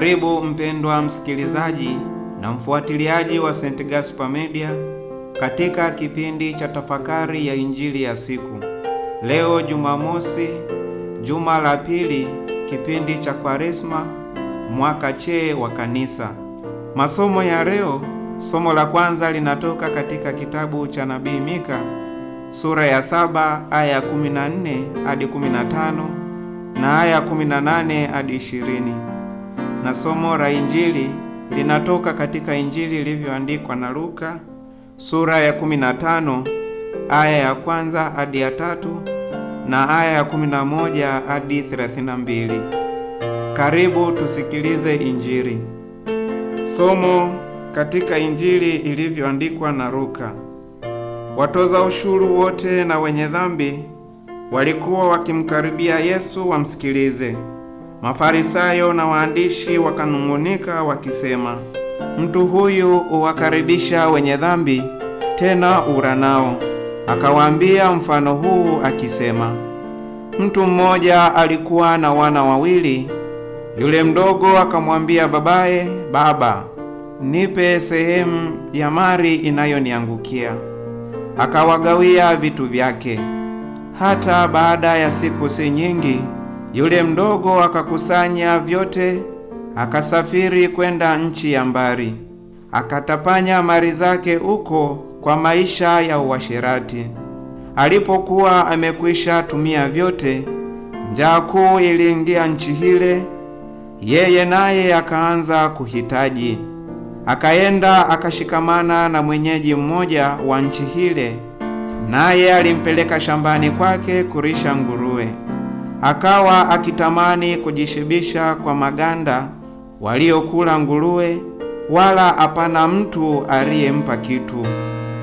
Karibu mpendwa msikilizaji na mfuatiliaji wa St. Gaspar Media katika kipindi cha tafakari ya Injili ya siku. Leo Jumamosi, juma la pili, kipindi cha Kwaresma, mwaka che wa Kanisa. Masomo ya leo, somo la kwanza linatoka katika kitabu cha Nabii Mika sura ya saba aya ya 14 hadi 15 na aya 18 hadi 20 na somo la Injili linatoka katika Injili ilivyoandikwa na Luka sura ya 15 aya ya kwanza hadi ya tatu na aya ya 11 hadi 32. Karibu tusikilize Injili. Somo katika Injili ilivyoandikwa na Luka. Watoza ushuru wote na wenye dhambi walikuwa wakimkaribia Yesu wamsikilize. Mafarisayo na waandishi wakanung'unika wakisema, mtu huyu huwakaribisha wenye dhambi, tena ura nao. Akawaambia mfano huu akisema, mtu mmoja alikuwa na wana wawili. Yule mdogo akamwambia babaye, Baba, nipe sehemu ya mali inayoniangukia. Akawagawia vitu vyake. Hata baada ya siku si nyingi yule mdogo akakusanya vyote, akasafiri kwenda nchi ya mbali, akatapanya mali zake huko kwa maisha ya uasherati. Alipokuwa amekwisha tumia vyote, njaa kuu iliingia nchi hile, yeye naye akaanza kuhitaji. Akaenda akashikamana na mwenyeji mmoja wa nchi hile, naye alimpeleka shambani kwake kurisha nguruwe akawa akitamani kujishibisha kwa maganda waliokula nguruwe, wala hapana mtu aliyempa kitu.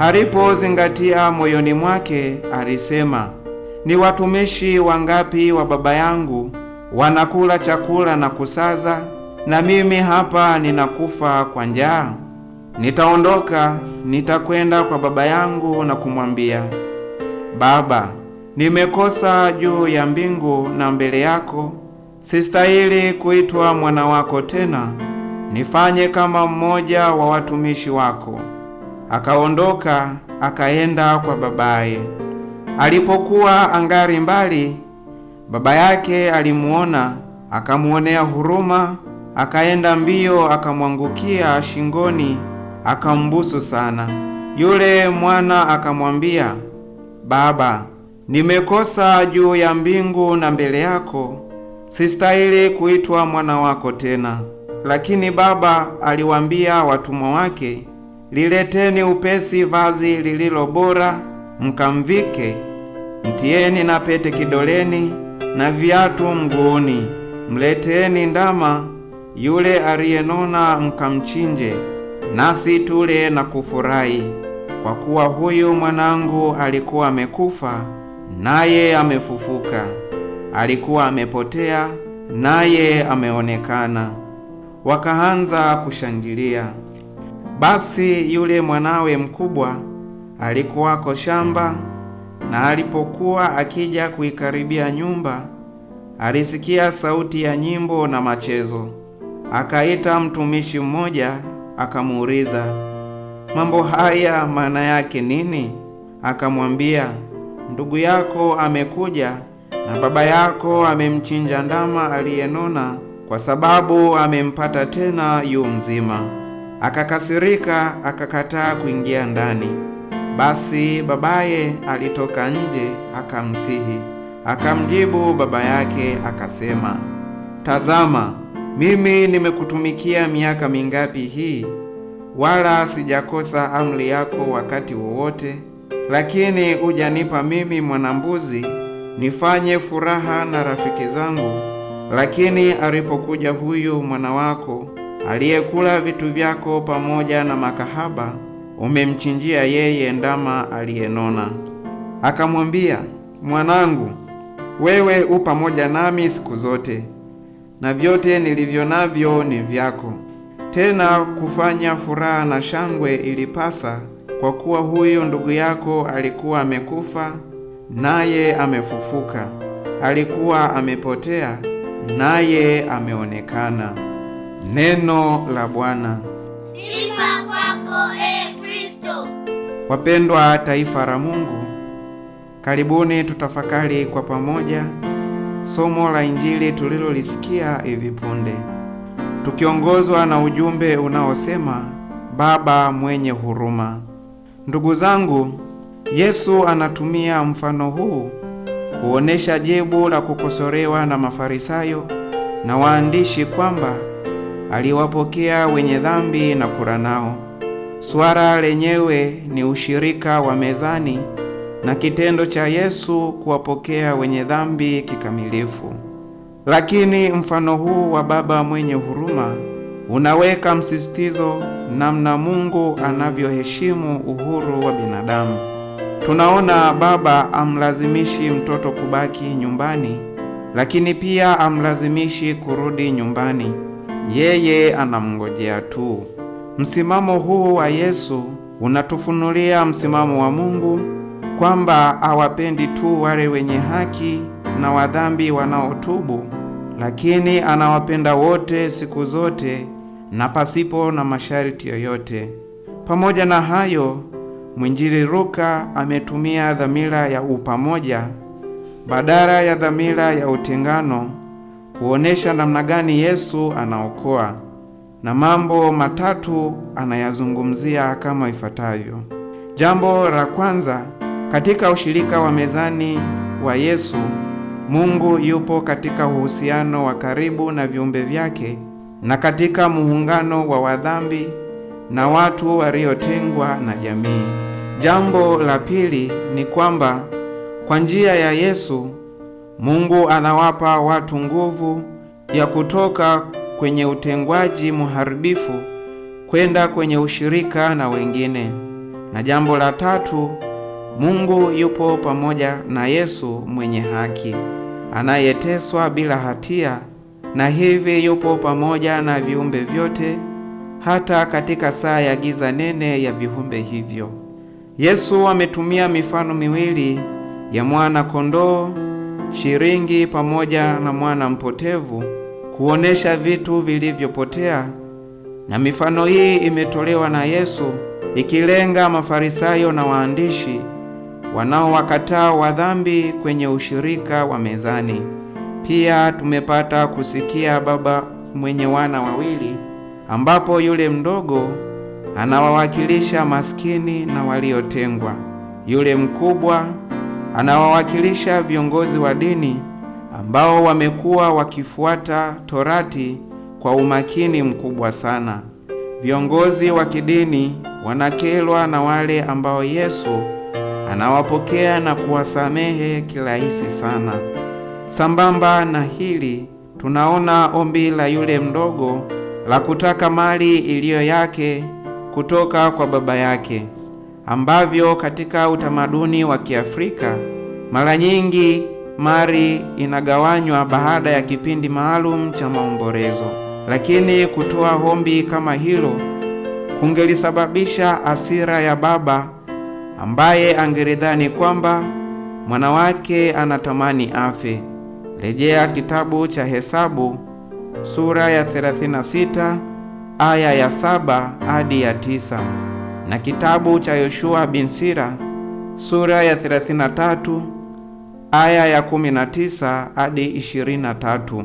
Alipozingatia moyoni mwake, alisema, ni watumishi wangapi wa baba yangu wanakula chakula na kusaza, na mimi hapa ninakufa kwa njaa? Nitaondoka, nitakwenda kwa baba yangu na kumwambia, Baba, nimekosa juu ya mbingu na mbele yako, sistahili kuitwa mwana wako tena. Nifanye kama mmoja wa watumishi wako. Akaondoka akaenda kwa babaye. Alipokuwa angali mbali, baba yake alimuona, akamuonea huruma, akaenda mbio, akamwangukia shingoni, akambusu sana. Yule mwana akamwambia, Baba, nimekosa juu ya mbingu na mbele yako, sistahili kuitwa mwana wako tena. Lakini Baba aliwaambia watumwa wake, lileteni upesi vazi lililo bora, mkamvike, mtieni na pete kidoleni na viatu mguuni, mleteeni ndama yule aliyenona, mkamchinje, nasi tule na kufurahi, kwa kuwa huyu mwanangu alikuwa amekufa naye amefufuka, alikuwa amepotea, naye ameonekana. Wakaanza kushangilia. Basi yule mwanawe mkubwa alikuwako shamba, na alipokuwa akija kuikaribia nyumba, alisikia sauti ya nyimbo na machezo. Akaita mtumishi mmoja, akamuuliza mambo haya maana yake nini? Akamwambia, ndugu yako amekuja na baba yako amemchinja ndama aliyenona, kwa sababu amempata tena yu mzima. Akakasirika, akakataa kuingia ndani. Basi babaye alitoka nje akamsihi. Akamjibu baba yake akasema, tazama, mimi nimekutumikia miaka mingapi hii, wala sijakosa amri yako wakati wowote lakini hujanipa mimi mwanambuzi nifanye furaha na rafiki zangu. Lakini alipokuja huyu mwana wako aliyekula vitu vyako pamoja na makahaba, umemchinjia yeye ndama aliyenona. Akamwambia, mwanangu, wewe u pamoja nami siku zote na vyote nilivyo navyo ni vyako. Tena kufanya furaha na shangwe ilipasa kwa kuwa huyu ndugu yako alikuwa amekufa naye amefufuka, alikuwa amepotea naye ameonekana. Neno la Bwana. Sifa kwako e Kristo. Wapendwa taifa la Mungu, karibuni tutafakari kwa pamoja somo la Injili tulilolisikia hivi punde, tukiongozwa na ujumbe unaosema Baba mwenye huruma. Ndugu zangu, Yesu anatumia mfano huu kuonesha jibu la kukosolewa na Mafarisayo na waandishi kwamba aliwapokea wenye dhambi na kula nao. Swala lenyewe ni ushirika wa mezani na kitendo cha Yesu kuwapokea wenye dhambi kikamilifu. Lakini mfano huu wa baba mwenye huruma unaweka msisitizo namna Mungu anavyoheshimu uhuru wa binadamu. Tunaona baba amlazimishi mtoto kubaki nyumbani, lakini pia amlazimishi kurudi nyumbani. Yeye anamngojea tu. Msimamo huu wa Yesu unatufunulia msimamo wa Mungu kwamba awapendi tu wale wenye haki na wadhambi wanaotubu, lakini anawapenda wote siku zote na pasipo na masharti yoyote. Pamoja na hayo, mwinjili Luka ametumia dhamira ya upamoja badala ya dhamira ya utengano kuonesha namna gani Yesu anaokoa, na mambo matatu anayazungumzia kama ifuatavyo. Jambo la kwanza, katika ushirika wa mezani wa Yesu, Mungu yupo katika uhusiano wa karibu na viumbe vyake na katika muungano wa wadhambi na watu waliotengwa na jamii. Jambo la pili ni kwamba kwa njia ya Yesu Mungu anawapa watu nguvu ya kutoka kwenye utengwaji muharibifu kwenda kwenye ushirika na wengine. Na jambo la tatu, Mungu yupo pamoja na Yesu mwenye haki anayeteswa bila hatia na hivi yupo pamoja na viumbe vyote hata katika saa ya giza nene ya viumbe hivyo. Yesu ametumia mifano miwili ya mwana kondoo, shilingi pamoja na mwana mpotevu kuonesha vitu vilivyopotea, na mifano hii imetolewa na Yesu ikilenga Mafarisayo na waandishi wanaowakataa wadhambi kwenye ushirika wa mezani. Pia tumepata kusikia baba mwenye wana wawili, ambapo yule mdogo anawawakilisha maskini na waliotengwa, yule mkubwa anawawakilisha viongozi wa dini ambao wamekuwa wakifuata torati kwa umakini mkubwa sana. Viongozi wa kidini wanakelwa na wale ambao Yesu anawapokea na kuwasamehe kirahisi sana. Sambamba na hili, tunaona ombi la yule mdogo la kutaka mali iliyo yake kutoka kwa baba yake, ambavyo katika utamaduni wa Kiafrika mara nyingi mali inagawanywa baada ya kipindi maalum cha maombolezo, lakini kutoa ombi kama hilo kungelisababisha hasira ya baba ambaye angelidhani kwamba mwanawake anatamani afe. Rejea kitabu cha Hesabu sura ya 36 aya ya saba hadi ya tisa na kitabu cha Yoshua bin Sira sura ya 33 aya ya 19 hadi 23,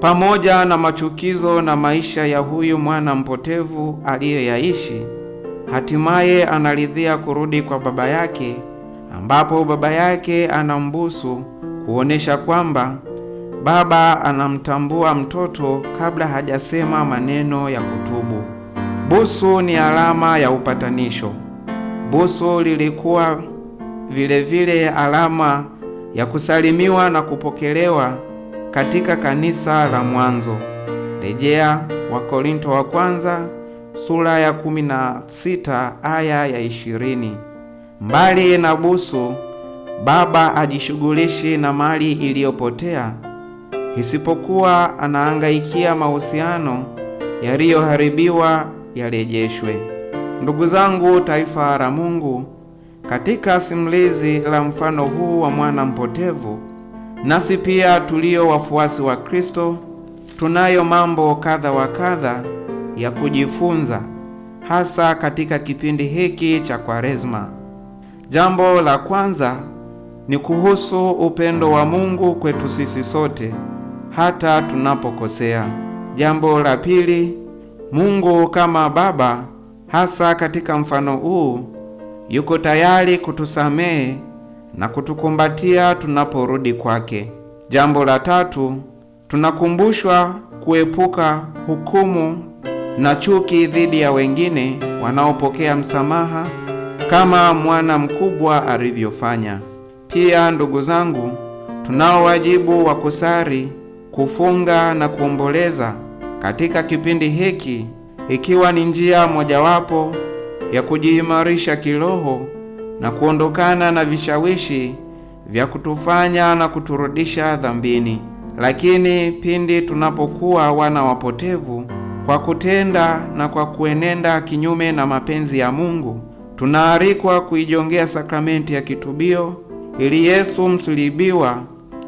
pamoja na machukizo na maisha ya huyu mwana mpotevu aliyoyaishi. Hatimaye analidhia kurudi kwa baba yake, ambapo baba yake anambusu kuonesha kwamba baba anamtambua mtoto kabla hajasema maneno ya kutubu. Busu ni alama ya upatanisho. Busu lilikuwa vilevile vile alama ya kusalimiwa na kupokelewa katika kanisa la mwanzo. Rejea Wakorinto wa kwanza sura ya 16 aya ya 20. Mbali na busu baba ajishughulishi na mali iliyopotea, isipokuwa anaangaikia mahusiano yaliyoharibiwa yarejeshwe. Ndugu zangu, taifa la Mungu, katika simulizi la mfano huu wa mwana mpotevu, nasi pia tulio wafuasi wa Kristo tunayo mambo kadha wa kadha ya kujifunza, hasa katika kipindi hiki cha Kwaresma. Jambo la kwanza ni kuhusu upendo wa Mungu kwetu sisi sote hata tunapokosea. Jambo la pili, Mungu kama Baba, hasa katika mfano huu, yuko tayari kutusamehe na kutukumbatia tunaporudi kwake. Jambo la tatu, tunakumbushwa kuepuka hukumu na chuki dhidi ya wengine wanaopokea msamaha kama mwana mkubwa alivyofanya. Pia ndugu zangu, tunao wajibu wa kusali, kufunga na kuomboleza katika kipindi hiki, ikiwa ni njia mojawapo ya kujiimarisha kiroho na kuondokana na vishawishi vya kutufanya na kuturudisha dhambini. Lakini pindi tunapokuwa wana wapotevu kwa kutenda na kwa kuenenda kinyume na mapenzi ya Mungu, tunaalikwa kuijongea sakramenti ya kitubio ili Yesu msulibiwa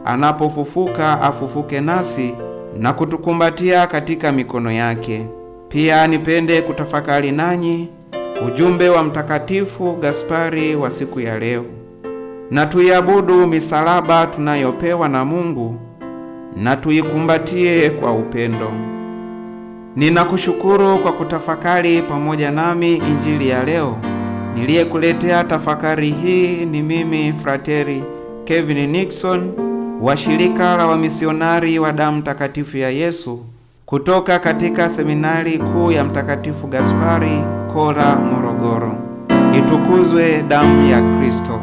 anapofufuka afufuke nasi na kutukumbatia katika mikono yake. Pia nipende kutafakari nanyi ujumbe wa Mtakatifu Gaspari wa siku ya leo, na tuiabudu misalaba tunayopewa na Mungu na tuikumbatie kwa upendo. Ninakushukuru kwa kutafakari pamoja nami Injili ya leo. Niliyekuletea tafakari hii ni mimi Frateri Kevin Nixon wa shirika la wamisionari wa, damu takatifu ya Yesu kutoka katika seminari kuu ya Mtakatifu Gaspari Kola, Morogoro. Itukuzwe damu ya Kristo!